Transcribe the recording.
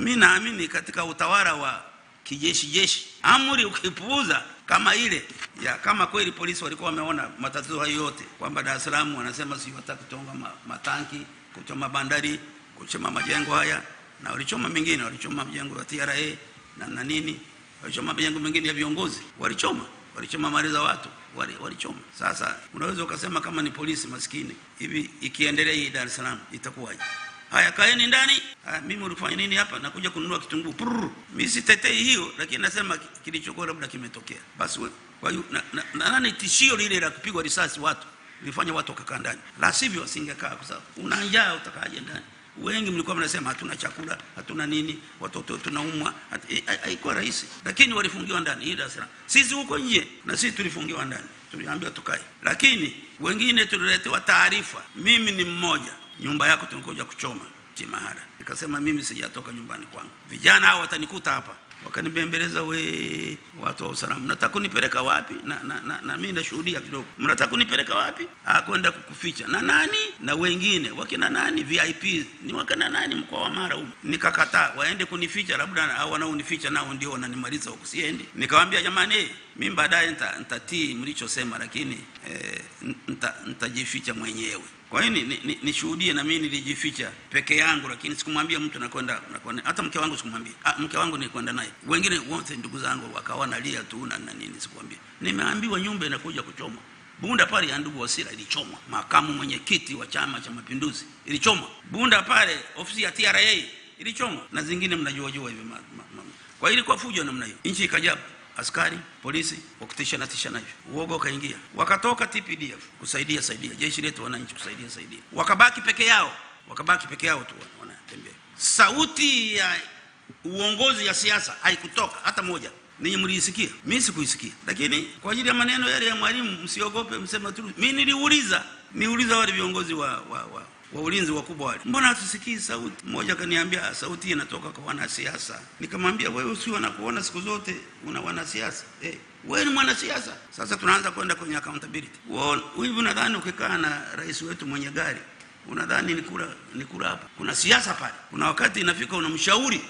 na mimi naamini katika utawala wa kijeshi jeshi, amri ukipuuza kama ile ya kama kweli polisi walikuwa wameona matatizo hayo yote, kwamba Dar es Salaam wanasema si wataka kuchonga matanki, kuchoma bandari, kuchoma majengo haya, na walichoma mengine, walichoma majengo ya TRA na na nini, walichoma majengo mengine ya viongozi, walichoma walichoma mali za watu walichoma. Sasa unaweza ukasema kama ni polisi maskini hivi, ikiendelea hii Dar es Salaam itakuwaje? Haya, kaeni ndani. Haya, mimi ulifanya nini hapa? Nakuja kununua kitunguu. Prr, Mimi sitetei hiyo, lakini nasema kilichokuwa labda kimetokea. Basi kwa hiyo na, na, na, tishio lile la kupigwa risasi watu lilifanya watu wakakaa ndani, la sivyo wasingekaa, kwa sababu una njaa, utakaje ndani? Wengi mlikuwa mnasema hatuna chakula, hatuna nini, watoto tunaumwa. Eh, haikuwa rahisi, lakini walifungiwa ndani. Hii Dar sisi huko nje, na sisi tulifungiwa ndani, tuliambiwa tukae, lakini wengine tuliletewa taarifa. Mimi ni mmoja nyumba yako tunakuja kuchoma Timahara. Nikasema mimi sijatoka nyumbani kwangu, vijana hao watanikuta hapa. Wakanibembeleza, we watu wa usalama, mnataka kunipeleka wapi? na, na, na, na mimi nashuhudia kidogo, mnataka kunipeleka wapi? akwenda ah, kukuficha na nani na wengine wakina nani, VIP ni wakina nani, mkoa wa Mara huko. Nikakataa waende kunificha, labda au wanaonificha nao ndio wananimaliza huko, siendi. Nikamwambia jamani mimi baadaye nitatii mlichosema, lakini e, nitajificha mwenyewe. Kwa hiyo nishuhudie ni, ni, na nami nilijificha peke yangu, lakini sikumwambia mtu nakwenda, nakwenda hata mke wangu sikumwambia. Ah, mke wangu nilikwenda naye, wengine wote ndugu zangu wakawa nalia tu na nini, sikumwambia. Nimeambiwa nyumba inakuja kuchoma Bunda pale ya ndugu Wasira ilichomwa, makamu mwenyekiti wa Chama cha Mapinduzi ilichomwa, Bunda pale ofisi ya TRA ilichomwa, na zingine mnajua jua hivyo. Kwa hiyo ilikuwa fujo namna hiyo, nchi ikajaa askari polisi wakutishana tishana hivyo, uoga ukaingia, wakatoka TPDF kusaidia saidia jeshi letu wananchi kusaidia saidia, wakabaki peke yao, wakabaki peke yao tu wanatembea. Sauti ya uongozi ya siasa haikutoka hata moja. Ninyi mliisikia, mimi sikuisikia, lakini kwa ajili ya maneno yale ya mwalimu, msiogope, msema tu. Mimi niliuliza, niuliza wale viongozi wa, wa, wa wa ulinzi wakubwa wale, mbona hatusikii sauti? Mmoja akaniambia sauti inatoka kwa wanasiasa. Nikamwambia wewe, si wanakuona siku zote una wanasiasa eh, wewe ni mwanasiasa. Sasa tunaanza kwenda kwenye accountability. Hivi unadhani ukikaa na rais wetu mwenye gari unadhani nikula kula hapa? Kuna siasa pale, kuna wakati inafika unamshauri